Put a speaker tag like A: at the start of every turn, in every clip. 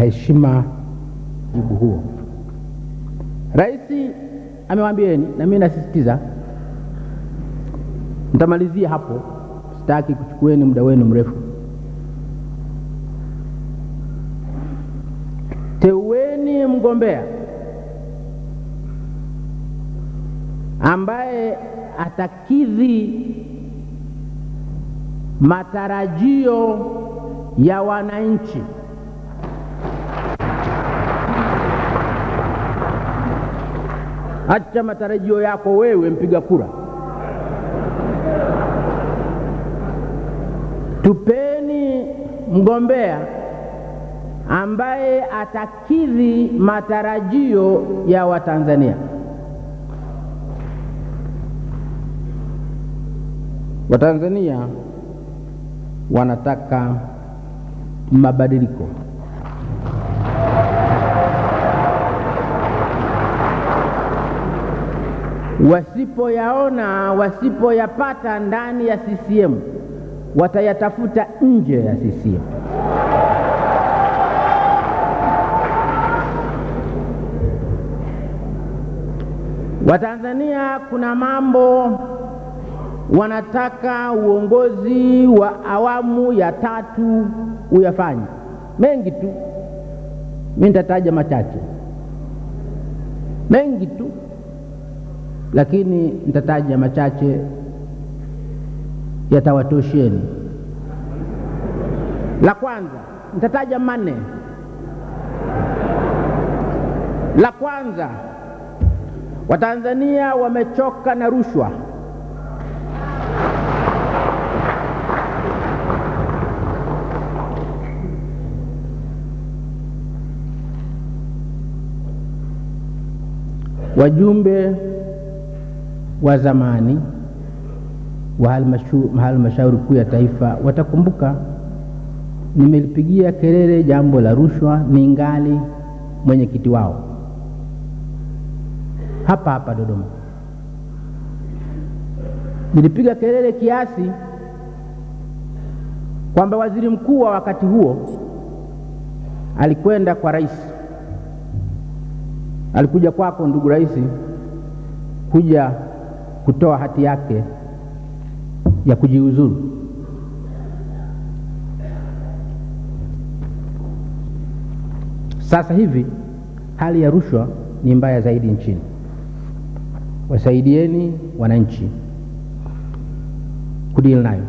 A: heshima jibu huo. Rais amewaambieni, na mimi nasisitiza, mtamalizia hapo, sitaki kuchukueni muda wenu mrefu. Teueni mgombea ambaye atakidhi matarajio ya wananchi. acha matarajio yako wewe mpiga kura tupeni mgombea ambaye atakidhi matarajio ya watanzania watanzania wanataka mabadiliko wasipoyaona wasipoyapata ndani ya CCM watayatafuta nje ya CCM. Watanzania kuna mambo wanataka uongozi wa awamu ya tatu uyafanye, mengi tu, mimi nitataja machache, mengi tu lakini nitataja machache yatawatosheni. La kwanza nitataja manne. La kwanza, Watanzania wamechoka na rushwa. Wajumbe wa zamani wa halmashauri kuu ya taifa watakumbuka nimelipigia kelele jambo la rushwa ni ngali mwenyekiti wao hapa hapa Dodoma. Nilipiga kelele kiasi kwamba waziri mkuu wa wakati huo alikwenda kwa rais, alikuja kwako ndugu rais, kuja kutoa hati yake ya kujiuzuru. Sasa hivi hali ya rushwa ni mbaya zaidi nchini. Wasaidieni wananchi kudili nayo.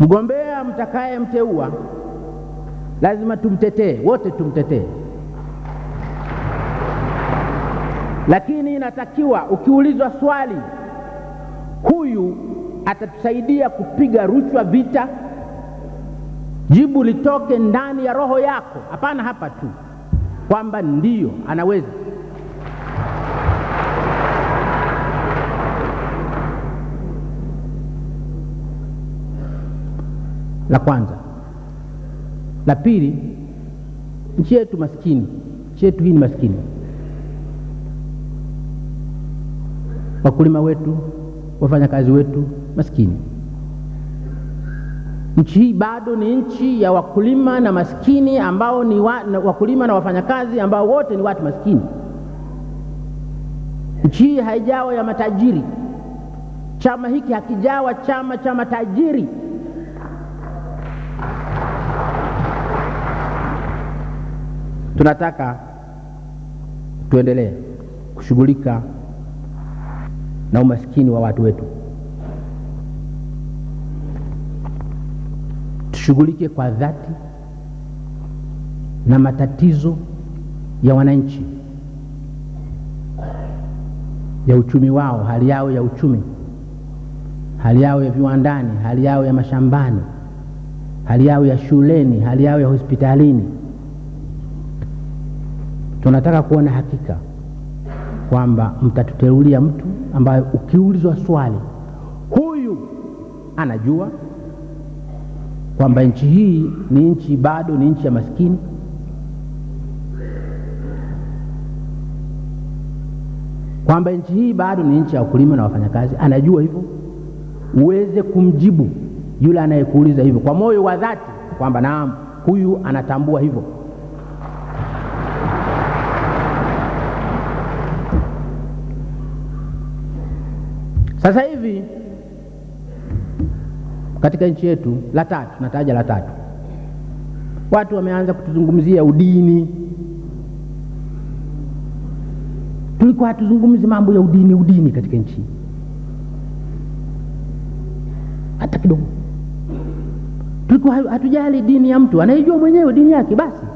A: Mgombea mtakayemteua lazima tumtetee wote, tumtetee. Lakini inatakiwa ukiulizwa swali, huyu atatusaidia kupiga rushwa vita, jibu litoke ndani ya roho yako, hapana hapa tu kwamba ndiyo anaweza. La kwanza. La pili, nchi yetu maskini, nchi yetu hii ni maskini wakulima wetu, wafanyakazi wetu maskini. Nchi hii bado ni nchi ya wakulima na maskini ambao ni wa, na wakulima na wafanyakazi ambao wote ni watu maskini. Nchi hii haijawa ya matajiri. Chama hiki hakijawa chama cha matajiri. Tunataka tuendelee kushughulika na umaskini wa watu wetu tushughulike kwa dhati na matatizo ya wananchi ya uchumi wao, hali yao ya uchumi, hali yao ya viwandani, hali yao ya mashambani, hali yao ya shuleni, hali yao ya hospitalini. Tunataka kuona hakika kwamba mtatuteulia mtu ambaye ukiulizwa swali huyu anajua kwamba nchi hii ni nchi bado ni nchi ya maskini, kwamba nchi hii bado ni nchi ya wakulima na wafanyakazi. Anajua hivyo, uweze kumjibu yule anayekuuliza hivyo kwa moyo wa dhati kwamba naam, huyu anatambua hivyo. Sasa hivi katika nchi yetu, la tatu nataja la tatu, watu wameanza kutuzungumzia udini. Tulikuwa hatuzungumzi mambo ya udini udini katika nchi hata kidogo, tulikuwa hatujali dini ya mtu, anaijua mwenyewe dini yake basi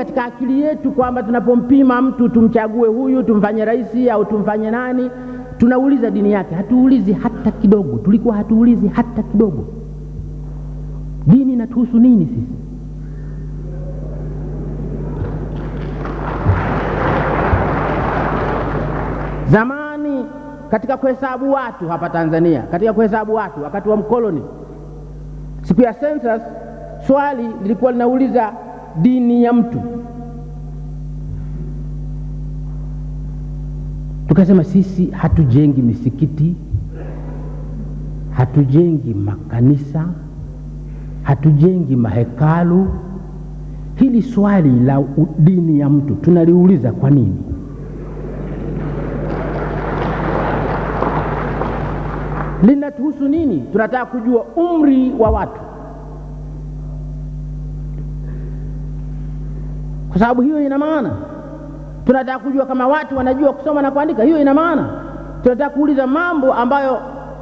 A: katika akili yetu kwamba tunapompima mtu tumchague huyu tumfanye rais au tumfanye nani, tunauliza dini yake. Hatuulizi hata kidogo, tulikuwa hatuulizi hata kidogo. Dini inatuhusu nini sisi? Zamani katika kuhesabu watu hapa Tanzania, katika kuhesabu watu wakati wa mkoloni, siku ya census, swali lilikuwa linauliza dini ya mtu. Tukasema sisi hatujengi misikiti, hatujengi makanisa, hatujengi mahekalu. Hili swali la dini ya mtu tunaliuliza kwa nini? Linatuhusu nini? Tunataka kujua umri wa watu kwa sababu hiyo ina maana. Tunataka kujua kama watu wanajua kusoma na kuandika, hiyo ina maana. Tunataka kuuliza mambo ambayo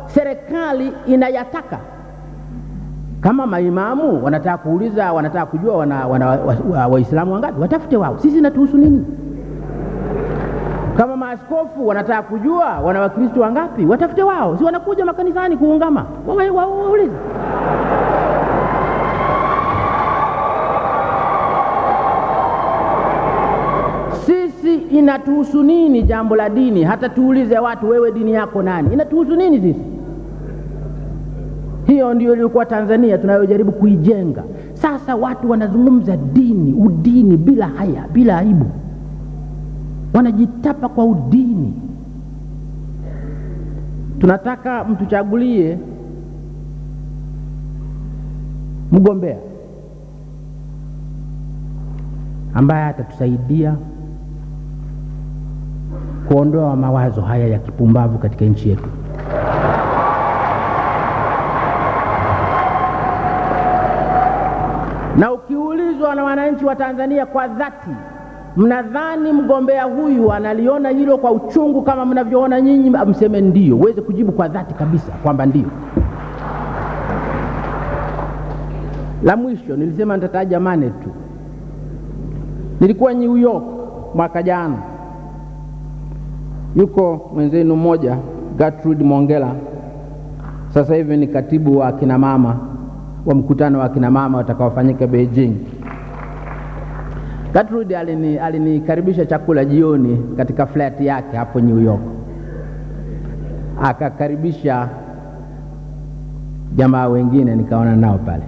A: serikali inayataka. Kama maimamu wanataka kuuliza, wanataka kujua Waislamu wana, waislamu wa, wa, wa wangapi, watafute wao, sisi natuhusu nini? Kama maaskofu wanataka kujua wana Wakristo wangapi, watafute wao, si wanakuja makanisani kuungama, wa, wa, wa, wa, inatuhusu nini jambo la dini? Hata tuulize watu, wewe dini yako nani? Inatuhusu nini sisi? Hiyo ndio iliyokuwa Tanzania tunayojaribu kuijenga. Sasa watu wanazungumza dini, udini bila haya, bila aibu, wanajitapa kwa udini. Tunataka mtuchagulie mgombea ambaye atatusaidia kuondoa mawazo haya ya kipumbavu katika nchi yetu. Na ukiulizwa na wananchi wa Tanzania kwa dhati, mnadhani mgombea huyu analiona hilo kwa uchungu kama mnavyoona nyinyi, mseme ndio, uweze kujibu kwa dhati kabisa kwamba ndio. La mwisho nilisema nitataja mane tu. Nilikuwa New York mwaka jana Yuko mwenzenu mmoja Gertrude Mongela, sasa hivi ni katibu wa kina mama wa mkutano wa kina mama watakaofanyika Beijing. Gertrude alini alinikaribisha chakula jioni katika flat yake hapo New York, akakaribisha jamaa wengine nikaona nao pale.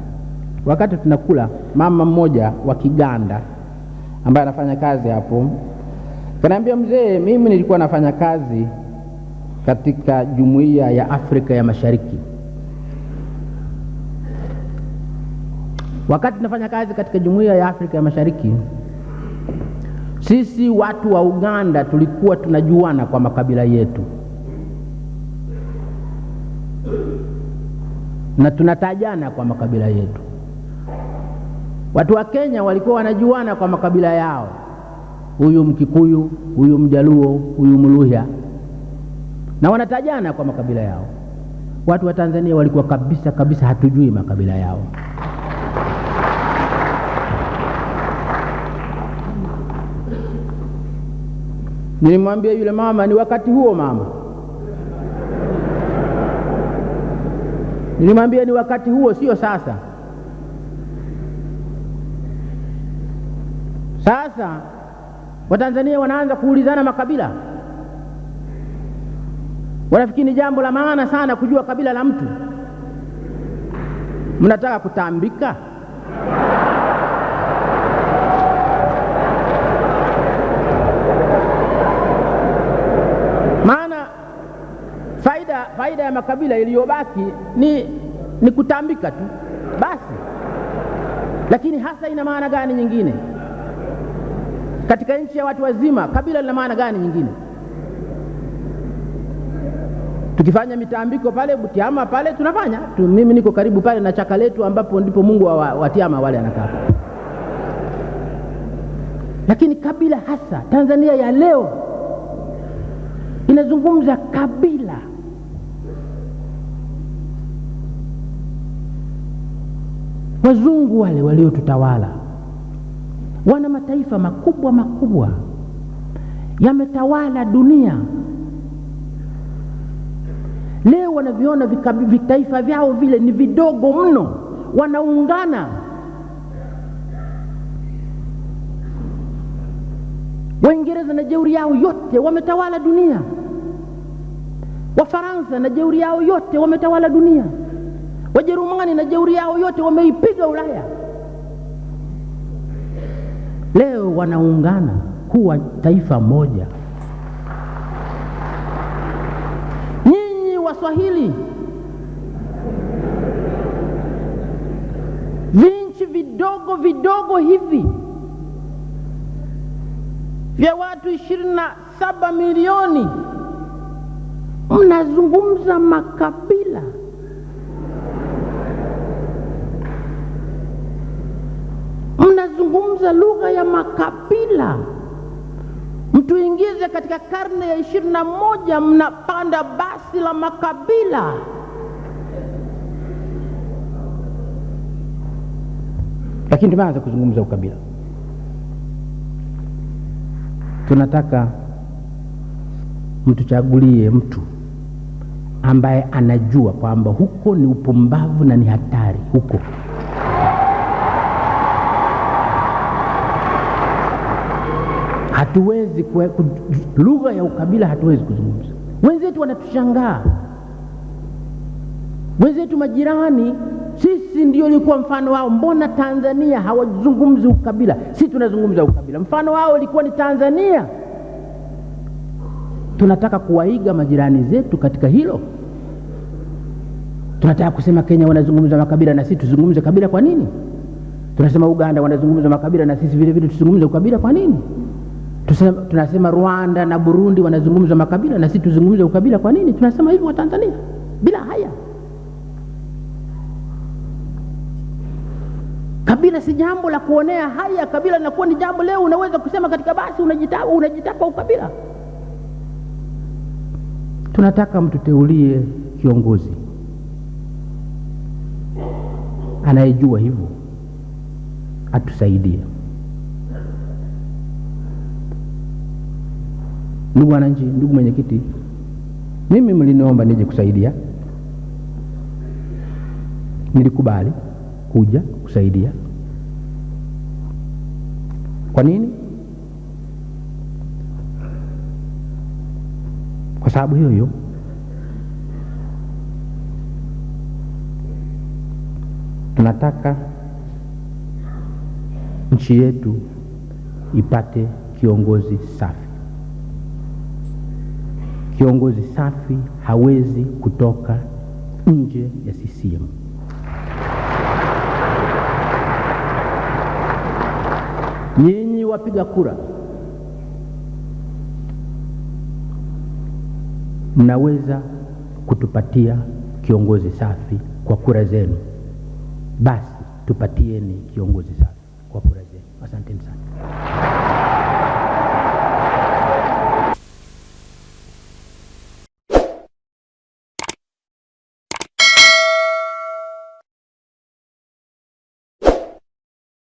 A: Wakati tunakula, mama mmoja wa Kiganda ambaye anafanya kazi hapo Kanaambia mzee, mimi nilikuwa nafanya kazi katika jumuiya ya Afrika ya Mashariki. Wakati nafanya kazi katika jumuiya ya Afrika ya Mashariki, sisi watu wa Uganda tulikuwa tunajuana kwa makabila yetu na tunatajana kwa makabila yetu. Watu wa Kenya walikuwa wanajuana kwa makabila yao huyu Mkikuyu, huyu Mjaluo, huyu Mluhya, na wanatajana kwa makabila yao. Watu wa Tanzania walikuwa kabisa kabisa hatujui makabila yao. Nilimwambia yule mama, ni wakati huo mama, nilimwambia ni wakati huo, sio sasa. Sasa Watanzania wanaanza kuulizana makabila, wanafikiri ni jambo la maana sana kujua kabila la mtu. Mnataka kutambika? Maana faida faida ya makabila iliyobaki ni, ni kutambika tu basi, lakini hasa ina maana gani nyingine? Katika nchi ya watu wazima, kabila lina maana gani nyingine? Tukifanya mitambiko pale Butiama pale tunafanya tu, mimi niko karibu pale na chaka letu ambapo ndipo Mungu wa, watiama wale anakaa lakini kabila hasa Tanzania ya leo inazungumza kabila. Wazungu wale waliotutawala wana mataifa makubwa makubwa yametawala dunia leo wanaviona vitaifa vyao vile ni vidogo mno, wanaungana Waingereza na jeuri yao yote wametawala dunia, Wafaransa na jeuri yao yote wametawala dunia, Wajerumani na jeuri yao yote wameipiga Ulaya leo wanaungana kuwa taifa moja. Nyinyi Waswahili, vinchi vidogo vidogo hivi vya watu ishirini na saba milioni mnazungumza makabila kuzungumza lugha ya makabila, mtuingize katika karne ya ishirini na moja, mnapanda basi la makabila. Lakini tumeanza kuzungumza ukabila, tunataka mtuchagulie mtu ambaye anajua kwamba huko ni upumbavu na ni hatari huko hatuwezi lugha ya ukabila hatuwezi kuzungumza. Wenzetu wanatushangaa, wenzetu majirani, sisi ndio ilikuwa mfano wao. Mbona Tanzania hawazungumzi ukabila? Si tunazungumza ukabila. Mfano wao ilikuwa ni Tanzania. Tunataka kuwaiga majirani zetu katika hilo. Tunataka kusema Kenya wanazungumza makabila na sisi tuzungumze kabila, kwa nini? Tunasema Uganda wanazungumza makabila na sisi vile vile tuzungumze ukabila, kwa nini? Tusema, tunasema Rwanda na Burundi wanazungumza makabila na sisi tuzungumze ukabila. Kwa nini tunasema hivyo Watanzania bila haya? Kabila si jambo la kuonea haya, kabila linakuwa ni jambo leo unaweza kusema katika basi, unajitapa, unajitapa ukabila. Tunataka mtuteulie kiongozi anayejua hivyo atusaidie. Ndugu wananchi, ndugu mwenyekiti, mimi mliniomba nije kusaidia, nilikubali kuja kusaidia. Kwa nini? Kwa sababu hiyo hiyo, tunataka nchi yetu ipate kiongozi safi. Kiongozi safi hawezi kutoka nje ya CCM. Nyinyi wapiga kura, mnaweza kutupatia kiongozi safi kwa kura zenu, basi tupatieni kiongozi safi kwa kura zenu. Asanteni sana.